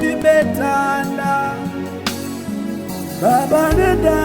nimetanda Baba nenda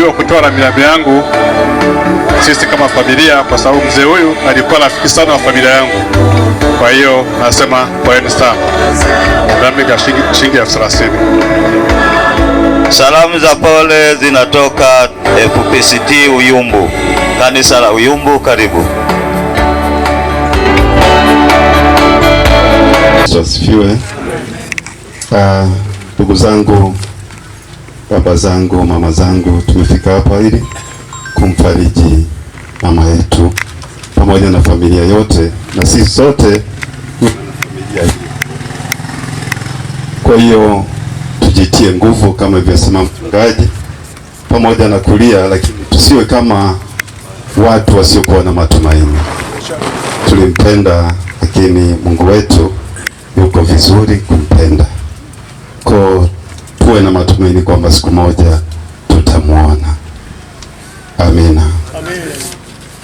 niliambiwa kutoa rambirambi yangu sisi kama familia, kwa sababu mzee huyu alikuwa rafiki sana wa familia yangu. Kwa hiyo nasema pole sana, rambirambi ya shilingi elfu thelathini. Salamu za pole zinatoka FPCT Uyumbu, kanisa la Uyumbu. Karibu. Wasifiwe ah, ndugu uh, zangu baba zangu, mama zangu, tumefika hapa ili kumfariji mama yetu pamoja na familia yote, na sisi sote familia. Kwa hiyo tujitie nguvu kama ilivyosema mchungaji, pamoja na kulia, lakini tusiwe kama watu wasiokuwa na matumaini. Tulimpenda, lakini Mungu wetu yuko vizuri kumpenda kwa tuwe na matumaini kwamba siku moja tutamwona. Amina.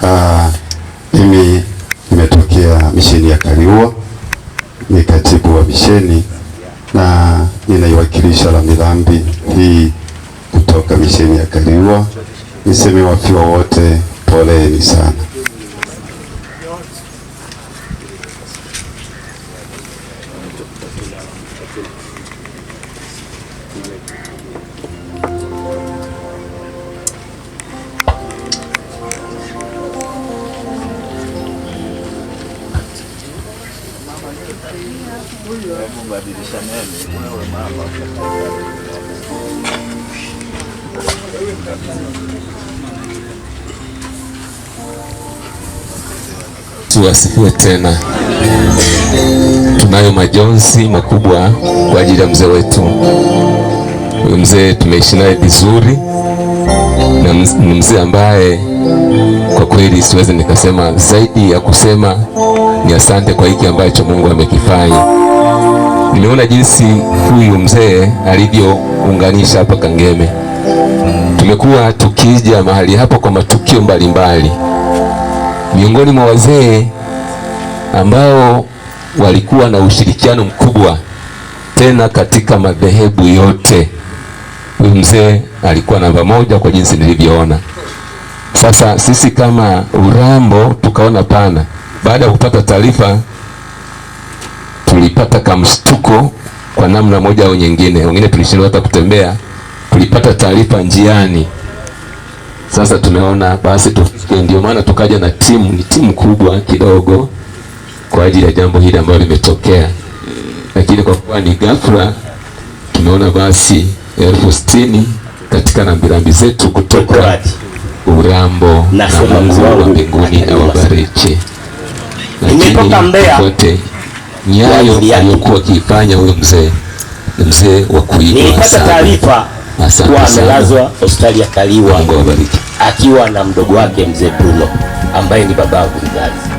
Ah, mimi nimetokea misheni ya Kariua, ni katibu wa misheni na ninaiwakilisha rambirambi hii kutoka misheni ya Kariua. Niseme wafiwa wote, poleni sana. asifiwe tena. Tunayo majonzi makubwa kwa ajili ya mzee wetu. Huyu mzee tumeishi naye vizuri, na ni mzee ambaye kwa kweli siwezi nikasema zaidi ya kusema ni asante kwa hiki ambacho Mungu amekifanya. Nimeona jinsi huyu mzee alivyounganisha hapa Kangeme. Tumekuwa tukija mahali hapa kwa matukio mbalimbali. Miongoni mwa wazee ambao walikuwa na ushirikiano mkubwa tena katika madhehebu yote. Huyu mzee alikuwa namba moja kwa jinsi nilivyoona. Sasa sisi kama Urambo tukaona pana. Baada ya kupata taarifa, tulipata kamstuko kwa namna moja au nyingine, wengine tulishindwa hata kutembea. Tulipata taarifa njiani, sasa tumeona basi tufike. Ndio maana tukaja na timu, ni timu kubwa kidogo kwa ajili ya jambo hili ambalo limetokea, lakini kwa kuwa ni ghafla, tumeona basi elfu sitini katika rambirambi zetu kutoka Urambo na Mungu wa mbinguni awabariki. Lakini nyayo aliyokuwa akiifanya huyo mzee ni mzee wa kuigwa. Nilipata taarifa kuwa amelazwa hospitali ya Kaliwa akiwa na mdogo wake mzee Bruno ambaye ni babangu mzazi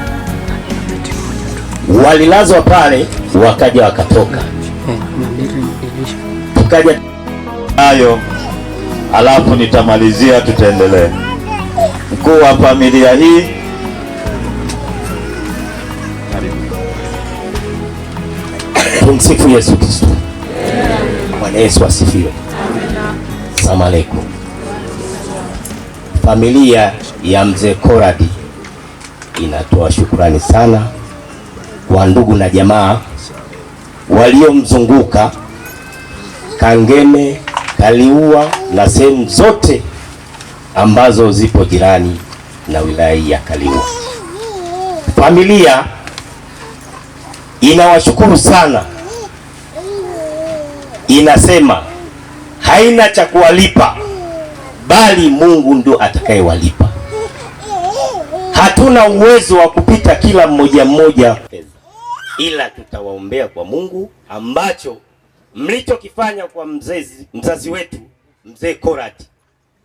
walilazwa pale, wakaja wakatoka, tukaja hayo, alafu nitamalizia, tutaendelea. Mkuu wa familia hii Tumsifu Yesu Kristo. Bwana Yesu asifiwe. salamu aleikum Familia ya Mzee Koradi inatoa shukurani sana wa ndugu na jamaa waliomzunguka Kangeme, Kaliua na sehemu zote ambazo zipo jirani na wilaya ya Kaliua. Familia inawashukuru sana, inasema haina cha kuwalipa, bali Mungu ndio atakayewalipa. Hatuna uwezo wa kupita kila mmoja mmoja ila tutawaombea kwa Mungu ambacho mlichokifanya kwa mzezi, mzazi wetu mzee Korati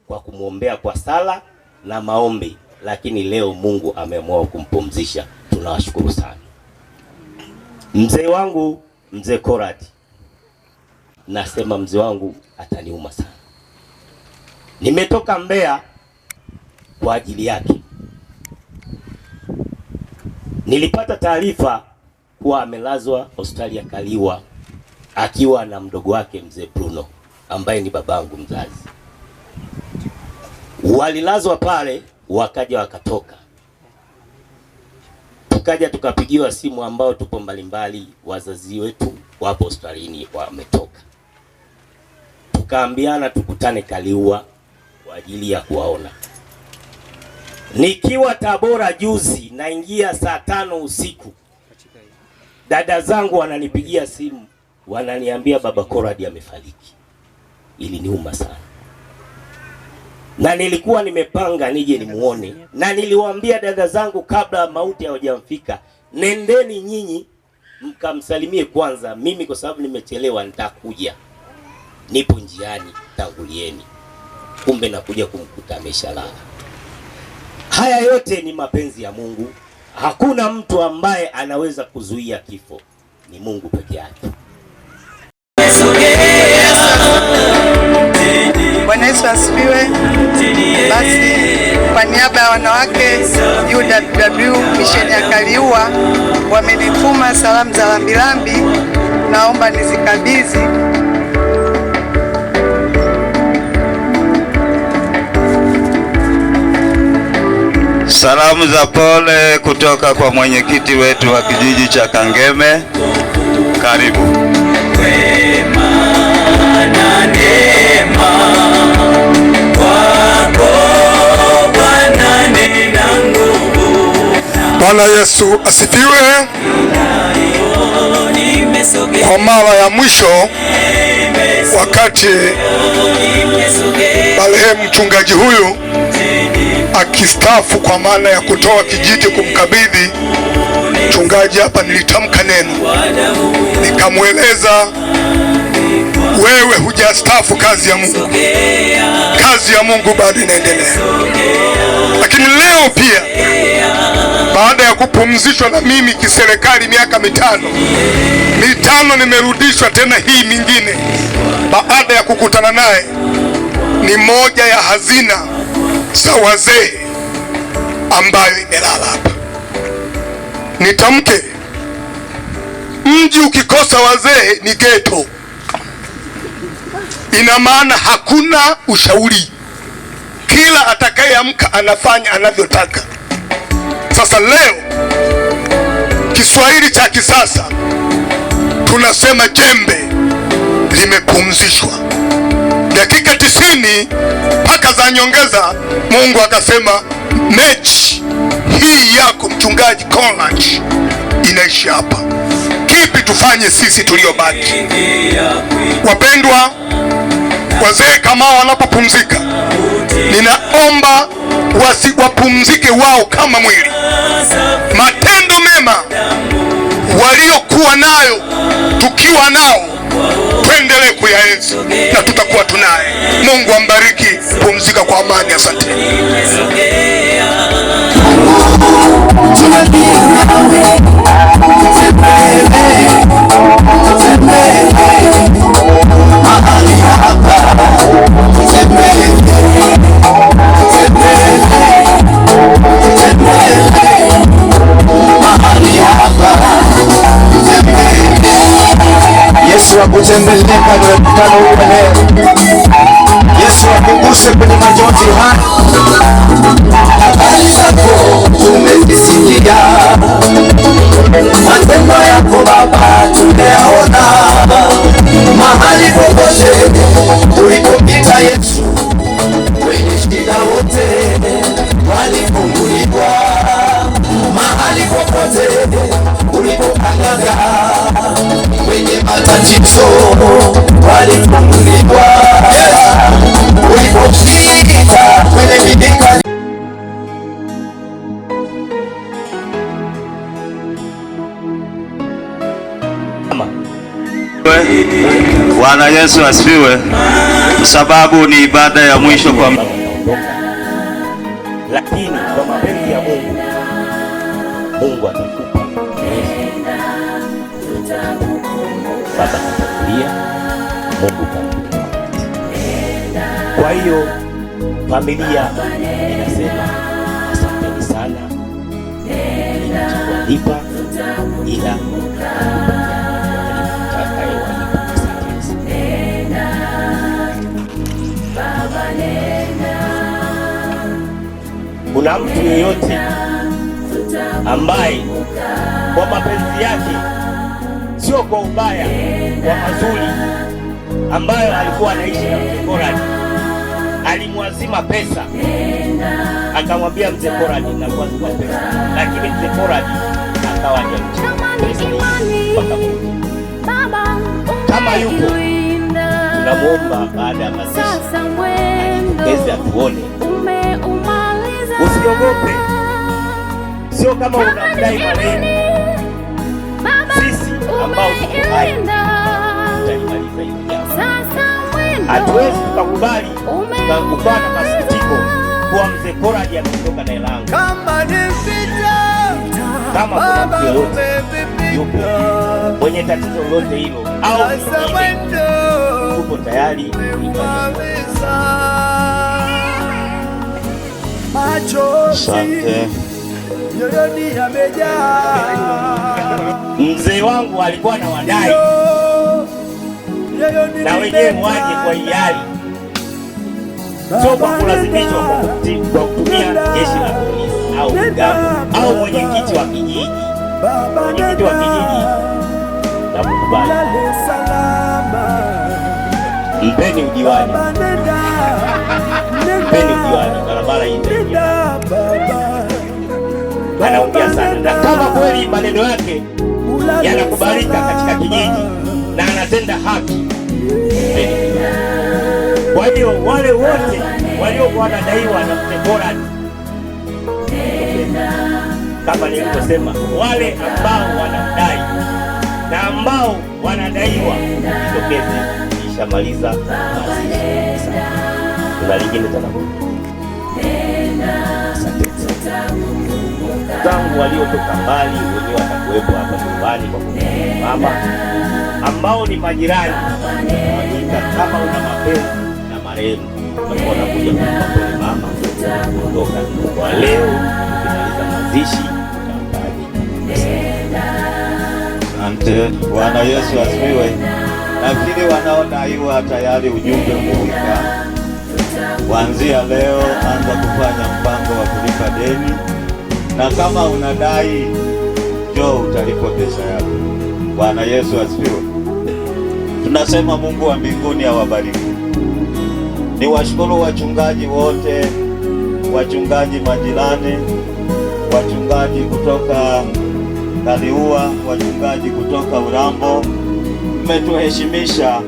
kwa kumwombea kwa sala na maombi, lakini leo Mungu ameamua kumpumzisha. Tunawashukuru sana mzee wangu mzee Korati. Nasema mzee wangu ataniuma sana, nimetoka Mbeya kwa ajili yake. Nilipata taarifa kuwa amelazwa hospitali ya Kaliwa akiwa na mdogo wake mzee Bruno ambaye ni babangu mzazi. Walilazwa pale wakaja wakatoka, tukaja tukapigiwa simu ambao tupo mbalimbali, wazazi wetu wapo hospitalini wametoka, tukaambiana tukutane Kaliwa kwa ajili ya kuwaona. Nikiwa Tabora juzi, naingia saa tano usiku dada zangu wananipigia simu wananiambia baba Conrad amefariki. Iliniuma sana, na nilikuwa nimepanga nije nimuone, na niliwaambia dada zangu kabla mauti hayajamfika, nendeni nyinyi mkamsalimie kwanza, mimi kwa sababu nimechelewa nitakuja, nipo njiani, tangulieni. Kumbe nakuja kumkuta ameshalala. Haya yote ni mapenzi ya Mungu. Hakuna mtu ambaye anaweza kuzuia kifo, ni Mungu peke yake. Bwana Yesu asifiwe. Basi kwa niaba ya wanawake UWW misheni ya Kaliua wamenituma salamu za rambirambi, naomba nizikabidhi Salamu za pole kutoka kwa mwenyekiti wetu wa kijiji cha Kangeme. Karibu Bwana, Bwana Yesu asifiwe. Kwa mara ya mwisho wakati marehemu mchungaji huyu akistafu kwa maana ya kutoa kijiti kumkabidhi mchungaji. Hapa nilitamka neno nikamweleza, wewe hujastafu kazi ya Mungu, kazi ya Mungu bado inaendelea. Lakini leo pia baada ya kupumzishwa na mimi kiserikali miaka mitano mitano, nimerudishwa tena hii mingine, baada ya kukutana naye, ni moja ya hazina za wazee ambayo imelala hapa. Nitamke, mji ukikosa wazee ni geto. Ina maana hakuna ushauri, kila atakayeamka anafanya anavyotaka. Sasa leo Kiswahili cha kisasa tunasema jembe limepumzishwa dakika tisini mpaka za nyongeza, Mungu akasema mechi hii yako mchungaji Conrad inaishi hapa. Kipi tufanye sisi tuliobaki? Wapendwa, wazee kama wanapopumzika, ninaomba wasiwapumzike wao kama mwili. Matendo mema waliokuwa nayo tukiwa nao tuendelee kuyaenzi na tutakuwa tunaye. Mungu ambariki, pumzika kwa amani, asante. kutembeleka kwenye mkutano huu leo. Yesu akumbushe kwenye majonzi haya, habari matendo yako Baba tumeyaona, mahali popote ulipopita Yesu majicho walifunguliwa ulipofika kwenye Bwana Yesu asifiwe, sababu ni ibada ya mwisho kwa lakini kwa mapenzi ya Mungu Mungu Baba katangulia, Mungu katangulia. Kwa hiyo familia inasema asanteni sana, inawalipa ila kuna mtu yeyote ambaye kwa mapenzi yake sio kwa ubaya wa mazuri ambayo alikuwa anaishi na mzee Korani. Alimwazima pesa, akamwambia mzee Korani na kuazima pesa, lakini mzee Korani akawa kama yuko tunamwomba, baada ya mazishi atuone. Usiogope, sio kama unamdai maneno hatuwezi tukakubali ukawa na masikitiko kuwa mzee Pollard ametoka na Ilangu. Kama kuna mtu yoyote yupo mwenye tatizo lolote hilo au tupo tayari Asante mzee wangu alikuwa na wadai na wenyewe mwaje kwa hiari, sio kwa kulazimishwa kwa kutumia jeshi la polisi au mgambo au mwenyekiti wa kijiji. Mwenyekiti wa kijiji na mkubali, mpeni udiwani, mpeni udiwani, barabara hii anaongea sana, na kama kweli maneno yake yanakubalika katika kijiji na anatenda haki. Kwa hiyo wale wote waliokuwa wanadaiwa na mtekoraji, kama nilivyosema, wale ambao wanadai na ambao wanadaiwa, hizo kesi ishamaliza. Kuna lingine tena. Asante zangu waliotoka mbali wenyewe watakuwepo hapa nyumbani kwa mama, ambao ni majirani wanaita. kama una mapenzi na marehemu watakuwa wanakuja kumpa pole mama kuondoka kwa leo, kumaliza mazishi. Asante. Bwana Yesu asifiwe. lakini wanaona hiyo tayari ujumbe umefika. Kuanzia leo, anza kufanya mpango wa kulipa deni na kama unadai jo utalipwa pesa yako. Bwana Yesu asifiwe. Tunasema Mungu wa mbinguni awabariki. washukuru wachungaji wote, wachungaji majirani, wachungaji kutoka Kaliua, wachungaji kutoka Urambo, mmetuheshimisha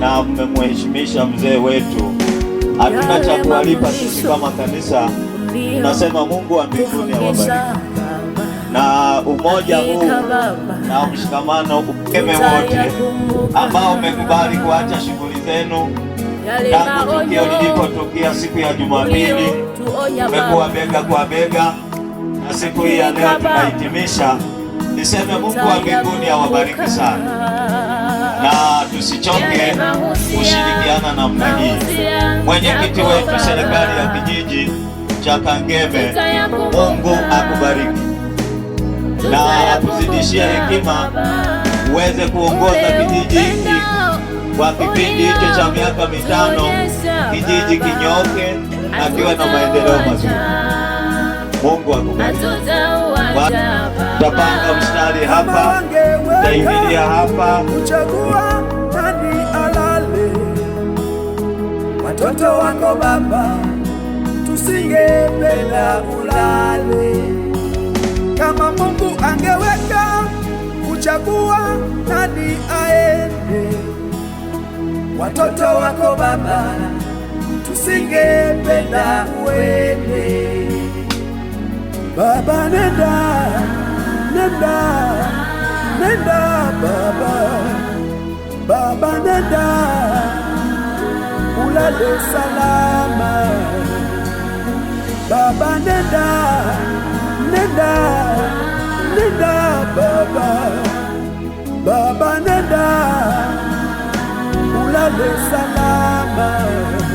na mmemheshimisha mzee wetu. Hatuna cha kuwalipa sisi kama kanisa nasema Mungu wa mbinguni awabariki na umoja huu na mshikamano ukeme wote ambao umekubali kuacha shughuli zenu tangu tukio lilipotokea siku ya Jumapili, umekuwa bega kwa bega, na siku hii ya leo tunahitimisha. Niseme Mungu wa mbinguni awabariki sana, na tusichoke kushirikiana namna hii. Mwenyekiti wetu serikali ya kijiji cha Kangeme. Mungu akubariki na akuzidishie hekima uweze kuongoza kijiji hiki kwa kipindi hicho cha miaka mitano, kijiji kinyoke na kiwe na maendeleo mazuri. Mungu akubariki. Tutapanga mstari hapa, tutaivilia hapa watoto wako Baba usingependa ulale. Kama Mungu angeweka kuchagua nani aende, watoto wako Baba, tusingependa uende. Baba nenda, nenda, nenda Baba, Baba nenda ulale salama. Baba nenda, nenda, nenda baba, baba nenda, ulale salama.